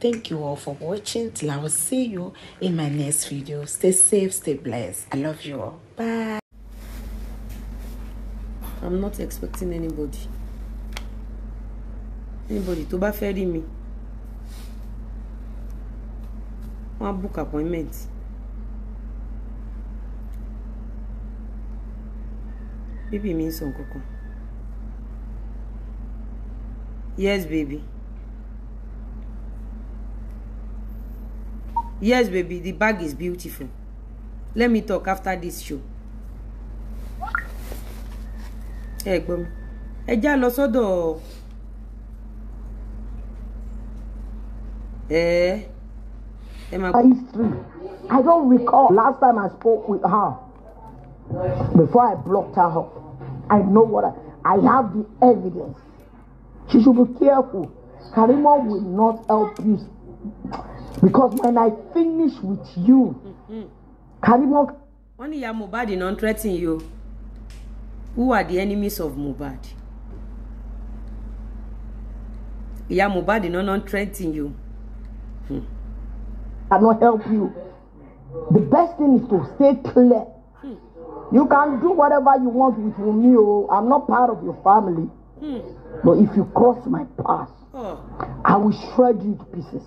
Thank you all for watching. Till I will see you in my next video. Stay safe, stay blessed. I love you all. Bye. I'm not expecting anybody. Anybody to bá fẹ́ rí mi. book appointment. Baby means ń sọ Yes, baby. Yes, baby, the bag is beautiful. Let me talk after this show. Ẹ gbọ́ mi. Ẹ Eh? I don't recall last time I spoke with her before I blocked her up. I know what I, I have the evidence. She should be careful. Karimo will not help you because when i finish with you mm-hmm. can you walk? ìyá mohbad náà ń threatening you, who are the enemies of Mubadi? ìyá mohbad náà náà ń threaten yìí o. Hmm. help you the best thing is to stay clear hmm. you can do whatever you want with me o i'm not part of your family hmm. but if you cross my path oh. i will shred you to pieces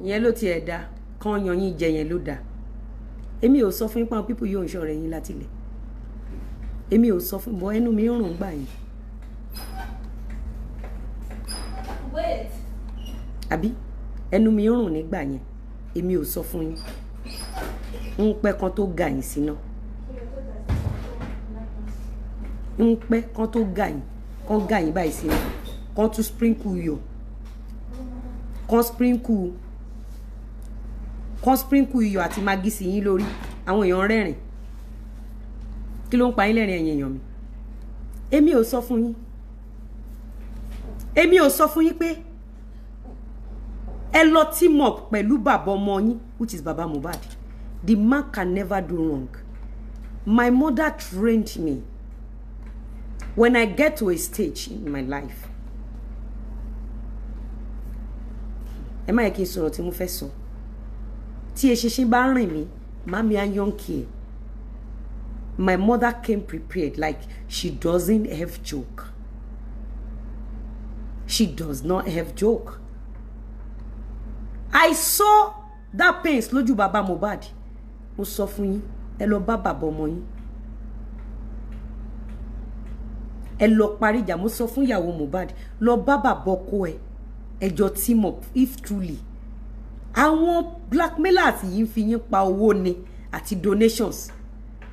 ìyẹn ló tiẹ̀ da kan yan yín ló da èmi ò sọ fún yín pa pípù yóò ń ṣọ̀rẹ́ yín látilẹ̀ èmi ò sọ fún bọ́ ẹnu mi ń rùn gbà yín. wait. àbí ẹnu mi ń rùn nígbà yẹn èmi ò sọ fún yín ń pẹ́ kan tó ga yín síná ń pẹ́ kan tó ga yín kan ga yín báyìí síná kan tún sprinkle yọ kan sprinkle kán sprinkle iyọ̀ àti magi sí yín lórí àwọn èèyàn rẹ́rìn kí ló ń pa yín lẹ́rìn ẹ̀yìn èèyàn mi èmi ò sọ fún yín èmi ò sọ fún yín pé ẹ lọ team up pẹ̀lú bàbá ọmọ yín which is baba Mohbad the man can never do wrong my mother trained me when I get to a stage in my life ẹ má yẹ kí n sọ̀rọ̀ tí mo fẹ́ sọ. So tí eṣinṣin bá rìn mí mami and young ẹ̀ my mother came prepared like she doesn't have joke she does not have joke I saw that pain lójú bàbá Mohbad mo sọ fún yín ẹ lọ bá bàbá ọmọ yín ẹ lọ parí ìjà mo sọ fún ìyàwó Mohbad lọ bá bàbá ọkọ ẹ ẹjọ team up if truly àwọn blackmailers yìí ń fi yín pa owó ni àti donations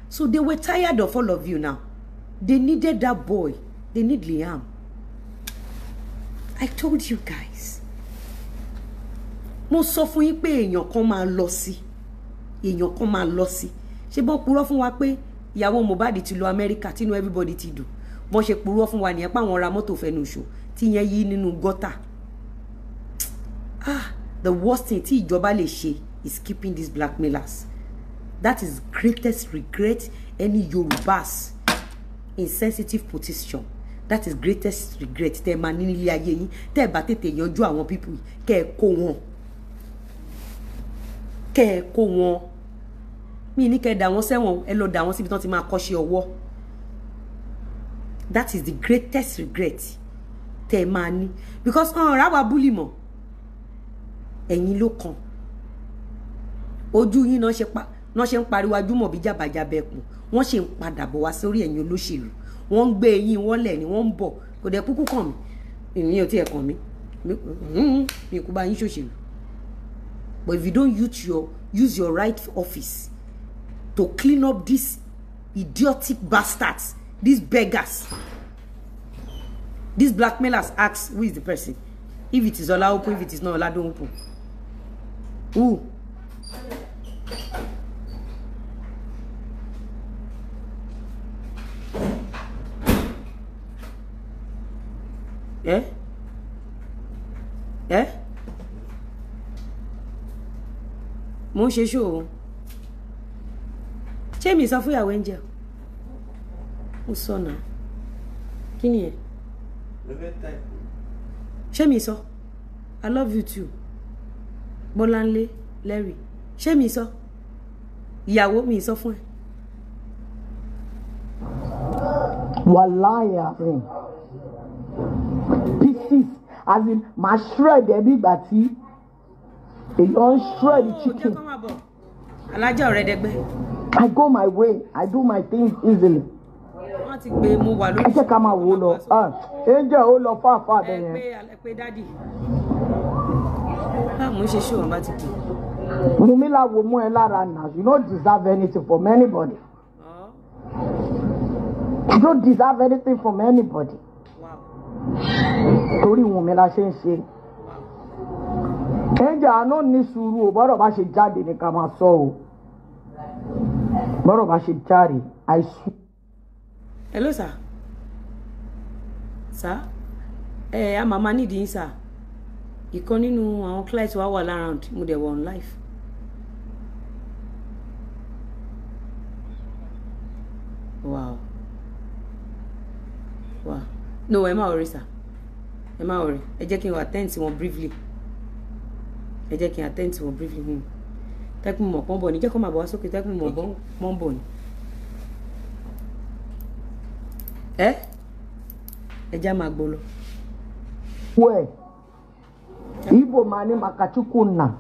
so they were tired of all of you now they needed that boy they need Liam I told you guys mo sọ fún yín pé èèyàn kan máa lọ sí èèyàn kan máa lọ sí ṣé bọ́n purọ́ fún wa pé ìyàwó Mohbad ti lọ Amẹ́ríkà tínú everybody ti dùn bọ́n ṣe purọ́ fún wa nìyẹn pàwọn ra mọ́tò fẹnu ṣò tíyẹn yí nínú gọ́tà the worst thing tí ìjọba lè ṣe is keeping these blackmailers that is greatest regret any Yorubas in sensitive position that is greatest regret tẹ́ máa ní nílé ayé yín tẹ́ bá tètè yanjú àwọn pípù ke ẹ kó wọn kẹ́ ẹ mi ni ke da dà wọ́n sẹ́wọ̀n ẹ da dà wọ́n síbi tí ma ti máa kọ́ṣẹ́ that is the greatest regret tẹ́ máa ní because ọ̀ràn ráwa búlì mọ́ ẹ̀yin ló kàn ojú yín náà ṣe pa náà ṣe ń pariwo Ajúmọ̀bí jàbàjàbẹ̀ wọ́n ṣe ń padà bọ̀ wá sórí ẹ̀yin olóṣèlú wọ́n ń gbé eyín wọ́n lẹ̀ ni wọ́n ń bọ̀ kò dẹ̀ kúkú kàn mí ìrìn ò tiẹ̀ kàn mí mm-hmm, mi kú bá yín ṣòṣèlú but if you don't use your use your right office to clean up these idiotic bastards these beggars these blackmailers ask who is the person if it is Olaopo if it is not Oladohunpo. Où Hein eh? eh? Hein Mo ń ṣe ṣó o. Ṣé mi sọ fún ìyàwó ẹ̀ ń jẹun? Mo sọ Kí ni ẹ̀? Ṣé mi sọ? I love you too. Bọ́láńlé lẹ́rì ṣé mi sọ ìyàwó mi sọ fún ẹ. wàláyà rìn pieces as in máa shred ẹbí ìgbà tí èèyàn ń shred chicken. alájà ọ̀rẹ́ dẹgbẹ́. I go my way I do my things easily. wọ́n ti gbé mo wà lórí. ẹ jẹ́ ká máa wò ó lọ ah, angel ó lọ fáfáà bẹ́ẹ̀ yẹn. ẹ pé dádì mo wo mú ẹ lára now you no deserve anything from anybody. You don't deserve anything from anybody. Torí Wùmílà ṣe ń ṣe. Ẹ̀jẹ̀ àánú ní sùúrù o bọ́dọ̀ bá ṣe jáde ní ká máa sọ o. Bọ́dọ̀ bá ṣe jáde àìsùn. Hello sir. Sir. Ẹ eh, hey, a màmá nídìí sir ìkan nínú àwọn client wa wà lárànd mo dẹ̀ wọ̀ on life. wow wow no ẹ má worry sir ẹ má worry ẹ jẹ́ kí n attend sí wọn briefly ẹ jẹ́ kí n attend sí wọn briefly hmm. tẹ́kùn mọ̀ pọ́n bọ̀ ní jẹ́ kó máa bọ̀ wá sókè tẹ́kùn mọ̀ pọ́n bọ̀ ní. ẹ ẹ já máa gbó lọ. wẹ́ẹ̀. Ibo ma ní Makachukwu nna.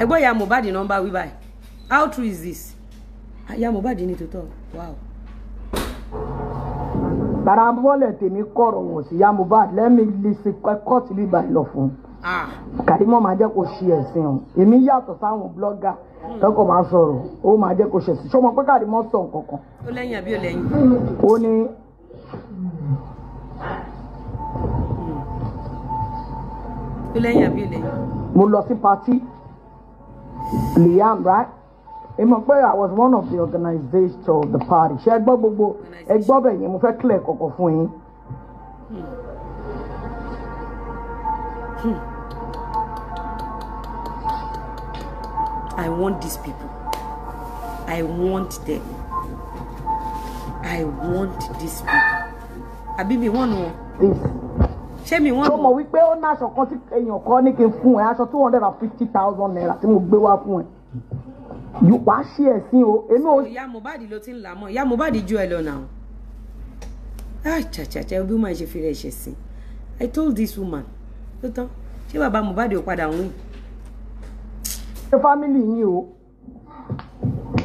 Ẹgbọ́n ya Mohbad nọmba wí báyìí. How true is this? Ya Mohbad ní tòótọ́. Wow. Bàrà wọlé tèmi kọ̀rọ̀ wọ̀n sí ya Mohbad lẹ́mi lè ṣe kọ́ọ̀tì bíbá ìlọ fún. Ah. Kàrímọ́ máa jẹ́ kó ṣe ẹ̀sìn o. Èmi yàtọ̀ sáwọn blọ́gà hmm. tọkọ máa sọ̀rọ̀ ó máa jẹ́ kó ṣe sí ṣọmọ pé Kàrímọ́ sọ nǹkan kan. Ó lẹ́yìn àbí ó lẹ́yìn. Ó ní lẹ́yìn mo lọ sí party liam right ìmọ̀ pé I was one of the organizers of the party ṣé ẹ gbọ́ gbogbo ẹ gbọ́ bẹ̀ yẹn mo fẹ́ clear kọ̀kọ̀ fún yín. Hmm. I want these people. I want them. I want these people. Àbí one more. This ṣé mi wọ́n. tó mọ̀ wípé ó ní aṣọ kan tí èèyàn kọ́ ní kí n fún ẹ aṣọ two hundred and fifty thousand naira tí mo gbé wá fún ẹ wà á ṣe ẹ̀sìn o. ìyá Mohbad ló ti ń là mọ́ ìyá Mohbad ju ẹ lọ náà àchàchàchà ah, bí wọ́n ṣe fi rẹ̀ ṣe sí i told this woman tó tán ṣé bàbá Mohbad ò padà wín. ṣé fámìlì yín o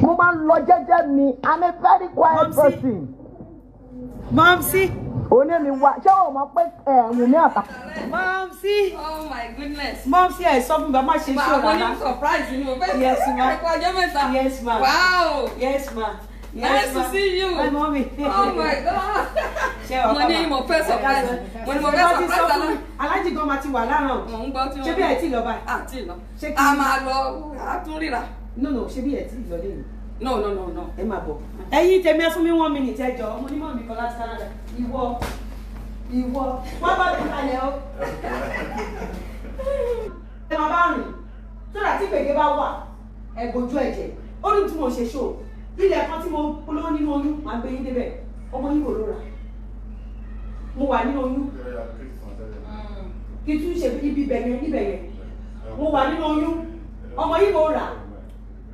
mo máa ń lọ jẹ́jẹ́ mi i'm a very quiet person. mọ́mísí òní mi wá ṣé o mọ̀ pé ẹ̀wùn mi àtà. oh my goodness. Mom, see, sọ fún mi bá má ṣe ṣé o wà náà. surprise ni yes ma ẹ̀kọ́ ọjọ́ mẹ́ta. yes ma wow yes ma. Nice to see you. Hi, mommy. Oh my God. Mo ní mo fẹ́ surprise. Mo ní mo fẹ́ surprise àná. Aláàjì gan ma ti wà láràn. Mo ń gbọ́ tí wọ́n. Ṣé bí ẹ ti lọ báyìí? À ti lọ. No no, ṣé bí ẹ ti lọ no no no no ẹ máa bọ̀. ẹ̀yin tèmi ẹ fún mi one minute ẹ jọ mo ní mọ̀ mi kan láti Canada ìwọ ìwọ wọn bá mi kalẹ̀ o. ẹ máa bá rìn sọ́dà tí gbèdé bá wà ẹ gbójú ẹ̀jẹ̀ ó ní tí mo ṣe ṣó ilẹ̀ kan tí mo polówó nínú oyún máa gbé yín débẹ̀ ọmọ yín kò ló mo wà nínú oyún kì í tún ṣe ibi bẹ̀yẹn níbẹ̀ yẹn mo wà nínú oyún ọmọ yìí mo rà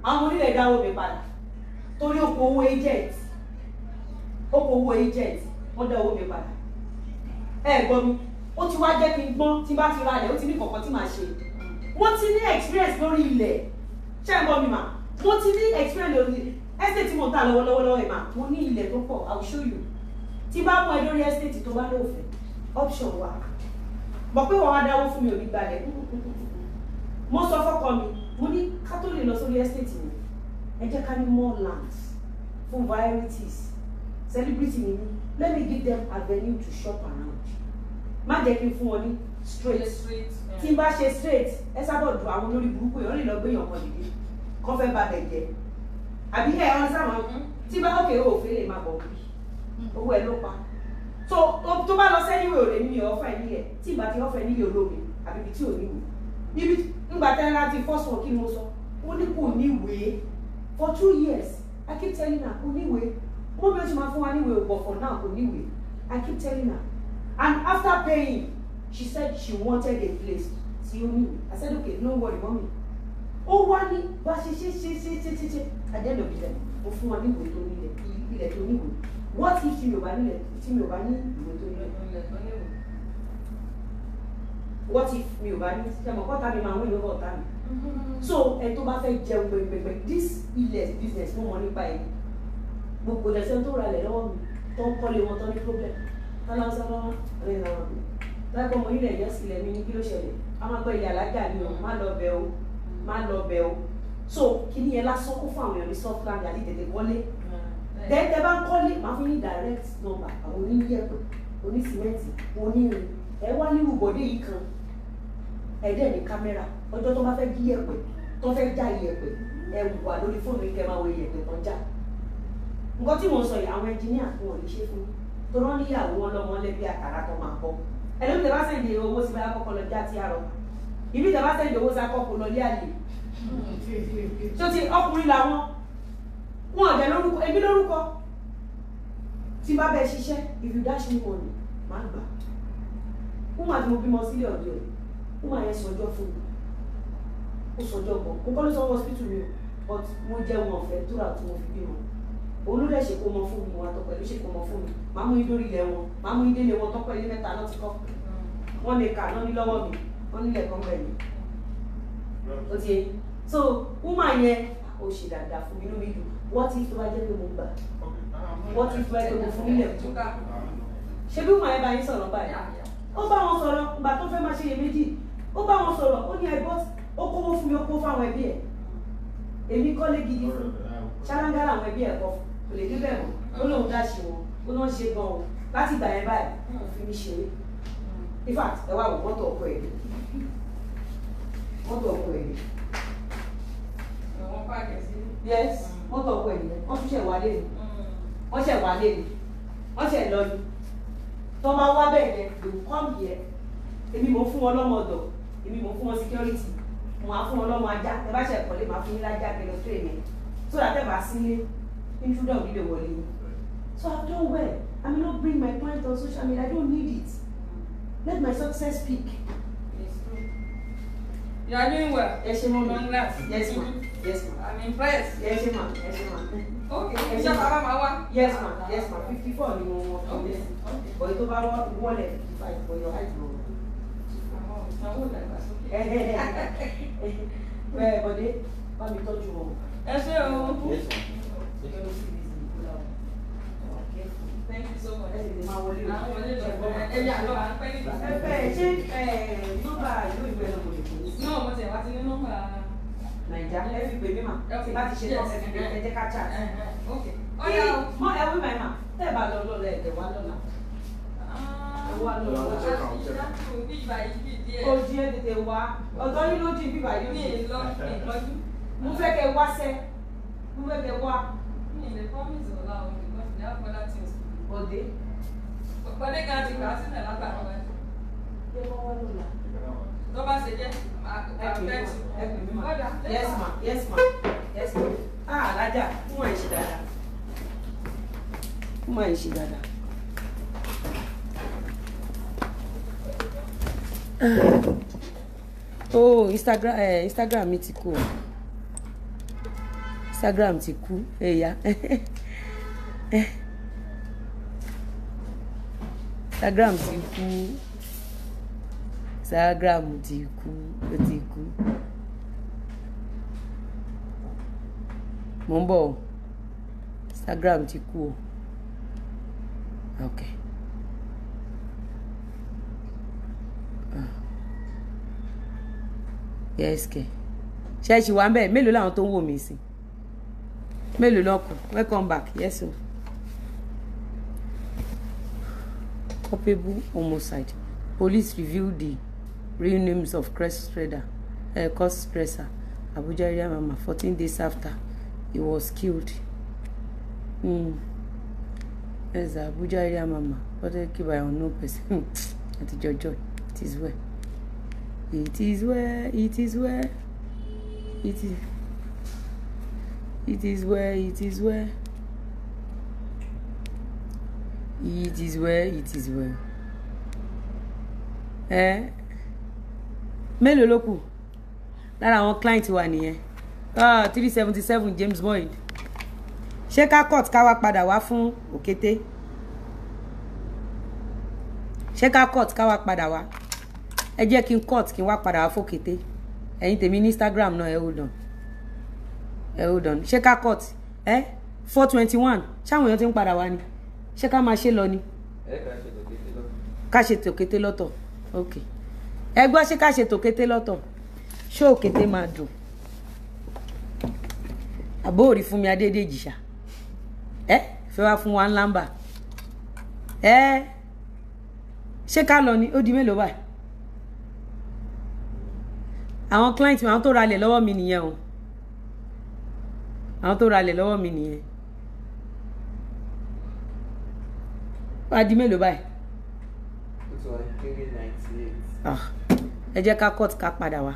àwọn onílẹ̀ dáwọ́ mi padà torí ó kó owó agent ó kó owó agent wọ́n dá owó mi padà ẹ gbọ́ mi ó ti wá jẹ́ kí n gbọ́n tí bá ti ra ilẹ̀ ó ti ní kọ̀ọ̀kan tí màá ṣe wọ́n ti ní experience lórí ilẹ̀ ṣé ẹ gbọ́ mi mà wọ́n ti ní experience lórí estate tí mo ta lọ́wọ́lọ́wọ́ ẹ̀ mà mo ní ilẹ̀ tó pọ̀ I will show you tí bá mú ẹ lórí estate tó bá lóòfẹ́ option wa mọ̀ pé wọ́n wá dáwó fún mi ò ní gbalẹ̀ mo sọ fọ́kọ mi mo ní ká lọ sórí estate mi ẹ jẹ́ ká more lands for varieties celebrity ni let me give them avenue to shop around má jẹ́ kí n fún wọn ní straight tí n bá ṣe straight ẹ sábọ̀ du àwọn olórí burúkú yẹn ó lè lọ gbé yàn kan dìde kó fẹ́ ba bẹ̀ jẹ́ àbí ẹ ọ sábà mm-hmm. tí bá òkè òfin lè máa bọ̀ wí mm-hmm. owó ẹ ló pa tó tó bá lọ sẹ́yìn ìwé òde níyẹn ọ̀fẹ́ níyẹn tí ìgbà tí ọ̀fẹ́ níyẹn olómi àbí ibi tí ò níwèé níbi ńgbà tẹ́lá ti fọ́sùn kí ni mo sọ ó ní kò níwèé for two years i keep telling her kò níwèé mo bí o ti máa fún wa níwèé o but for now kò i keep telling her and after paying she said she wanted a place tí ó i said okay no worry mommy ó wá ní bá ṣe ṣe ṣe ṣe ṣe ṣe ṣe at the end of the day mo fún wa níwèé tó nílẹ̀ ilẹ̀ tó níwèé what if tí mi ò bá nílẹ̀ tí mi ò bá ní ìwé tó nílẹ̀ what if mi ò bá ní ṣe mọ̀ kọ́ta mi máa ń wé lọ́wọ́ ọ̀tá mi so ẹ tó bá fẹ́ jẹun pẹ̀pẹ̀pẹ̀ this ilẹ̀ business mo mọ̀ nípa ẹ̀ gbogbo ìdẹ̀sẹ̀ tó ra lẹ̀ lọ́wọ́ mi tó ń kọ́lé wọn tó ní problem tálá ń sábà wọn lè nà wọn láìpẹ́ ọmọ onílẹ̀ yẹn sílẹ̀ mi ní kí ló ṣẹlẹ̀ a máa gbọ́ ìyá alájà ni o má lọ bẹ̀ o má lọ bẹ̀ o so kí ni ẹ lásán kó fún àwọn èèyàn ní soft land àti tètè wọlé tẹ́tẹ́ bá ń kọ́lé máa fún yín direct number àwọn oníyẹ̀pẹ̀ onísìmẹ́ǹtì onírin ẹ wá ní rúbọ̀dé yìí kan ẹ̀dẹ̀ ní kámẹ́rà ọjọ́ tó bá fẹ́ jí yẹ̀pẹ̀ tó fẹ́ já yẹ̀pẹ̀ ẹ wà lórí fóònù yìí kẹ́ máa wo yẹ̀pẹ̀ tó já nǹkan tí mo sọ yìí àwọn ẹnjìníà fún ọ lè ṣe fún tó rán níyàwó wọn lọ́mọ lẹ́bí àkàrà tó máa kọ́ ẹlẹ́mi tẹ bá sẹ́ǹdì owó sí báyà kọ́kọ́ lọ já ti àrọ̀ ìbí tẹ bá sẹ́ǹdì owó sí akọ́kọ́ lọ lé àlè tó ti ọkùnrin làwọn wọn ọ̀dẹ lórúkọ ẹbí lórúkọ tí bá bẹ ṣiṣẹ́ if you dash me money máa gbà kó máa ti mo bímọ sílé ọ̀dọ́ yìí ó máa yẹ sọjọ́ fún mi ó sọjọ́ kan mo kọ́ ló sọ hospital mi o but mo jẹ́ wọn ọ̀fẹ́ tó rà mo fi bímọ olùdẹ̀ ṣe mọ fún mi wọn àtọkọ ìlú ṣe mọ fún mi màá mú idórí ilẹ̀ wọn màá mú idélé wọn tọkọ ilé mẹ́ta náà ti kọ́ wọn lè kà náà ní lọ́wọ́ mi wọn nílẹ̀ kan bẹ̀ mí ó ti yẹ so woman yẹn ó ṣe dáadáa fún mi inú mi dùn wọ́n ti fi wá jẹ́ pé mo gbà wọ́n ti fi wá jẹ́ pé mo fún nílẹ̀ tó ṣe bí woman yẹn bá yín sọ̀rọ̀ báyìí ó bá wọn sọ̀rọ̀ ìgbà tó fẹ́ máa ṣe iyèméjì ó bá wọn sọ̀rọ̀ ó ní ẹ̀bọ́ ó kówó fún mi ó kó fáwọn ẹbí ẹ̀ èmi kọ́lé gidi fún ṣáláńgárà àwọn ẹbí ẹ̀ kọ́ kò lè débẹ̀ mọ́ ó lóun dá ṣe wọn ó lóun ṣe gan o láti gbà yẹn báyìí kò fi mí ṣeré in fact ẹ wá wò mọ́tò ọkọ ẹ̀ mọ́tò ọkọ ẹ̀ yes mọ́tò ọkọ ẹ̀ wọ́n tún ṣẹ̀ wálé ni wọ́n ṣẹ̀ wálé ni wọ́n ṣẹ̀ lọ ni tọ́ máa wá bẹ́ẹ̀ yẹn they will come here èmi mò ń fún wọn lọ́mọ èmi mò ń fún wọn security mo á fún wọn lọ́mọ ajá ẹ bá ṣe ẹ̀kọ́ lè máa fún yín lájá kẹlẹ́ tó èmi so that ẹ bá sílé intruder ò nílò wọlé mi so I done well I may not bring my point on social media I don't need it let my success speak. You are doing well. Yes, ma'am. Congrats. Yes, ma'am. Yes, ma'am. I'm impressed. Yes, ma'am. Yes, ma'am. Okay. Yes, ma'am. Yes, ma'am. Yes, ma'am. 54 ni mo wọ. Okay. Okay. But tó bá wọlé 55 for your height, bro sanwó ìdàgbàsókè. bẹ́ẹ̀ bọ̀dé bá mi tọ́jú wọn. ẹ ṣe o. Thank you so much. Ẹ lè máa wọlé lọ. Àwọn wọlé lọ. Ẹ yà lọ, à ń pẹ́ nígbà. Ẹ bẹ́ẹ̀ ṣé nọ́mbà ìlú ìwé náà kò lè fún mi. Náà mo tẹ̀ wá ti ní nọ́mbà. Nàìjà ẹ fi pè mí mà. Láti ṣe tọ́sẹ̀ fún mi, ẹ jẹ́ ká chat. Eh, eh, eh. Ọ̀yà o. Ẹ wí màá mà, tẹ́ ẹ bá lọ lọ́la ẹ̀ tẹ̀ wá lọ́la òjì ẹ tètè wá ọ̀dọ́ yín ló jìn bíbá yín ló jìn mo fẹ́ kẹ́ wá sẹ́ mo fẹ́ kẹ́ wá. òde. òde kan ti gbà sílẹ̀ látàkọ́ tó bá ṣe jẹ́ àpẹẹrẹ tí. yes ma yes ma yes ma ah alájà mo máa ṣe dáadáa mo máa ṣe dáadáa. Ah. oh instagram eh, instagram mi ti kú instagram ti kú ẹ̀yà eh, instagram ti kú instagram ti kú ó ti kú mò ń bọ̀ instagram ti kú o okay. yes kẹ ṣẹ́ẹ̀ṣì wà ń bẹ̀ mélòó làwọn tó ń wò mí sí mélòó lọ́kù welcome back yes o culpable homicide police reveal the real names of crest trader uh, eh, cost presser Abuja area mama fourteen days after he was killed mm. yes Abuja area mama reported by unknown person àtijọ́jọ́ it is well. It is where it is where it is, it is where it is where It is where it is well. Ẹ mélòó ló kù lára àwọn client wa nìyẹn ah, three seventy seven James Boyd ṣé ká court ká wá padà wá fún òkété ṣé ká court ká wá padà wá ẹ jẹ́ kí n cut kí n wá padà wá fòkété ẹ̀yin tèmi ní Instagram náà ẹ hold on ẹ hold on ṣé ká cut ẹ four twenty one ṣáwọn èèyàn ti ń padà wá ni ṣé ká máa ṣe lọ ni ká ṣe tòkété lọ́tọ̀ ok ẹ gbọ́ ṣé ká ṣe tòkété lọ́tọ̀ ṣé òkété máa dùn àbóòrí fún mi adédèjì ṣá ẹ fẹ́ wá fún wa ńlá ń bà ẹ ṣé ká lọ ni ó di mélòó báyìí àwọn client àwọn tó ralẹ̀ lọ́wọ́ mi nìyẹn o àwọn tó ralẹ̀ lọ́wọ́ mi nìyẹn wàá di mélòó báyìí. Ah, ẹ jẹ́ ká cut ká padà wá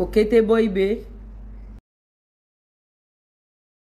òkété bọ́ ibè.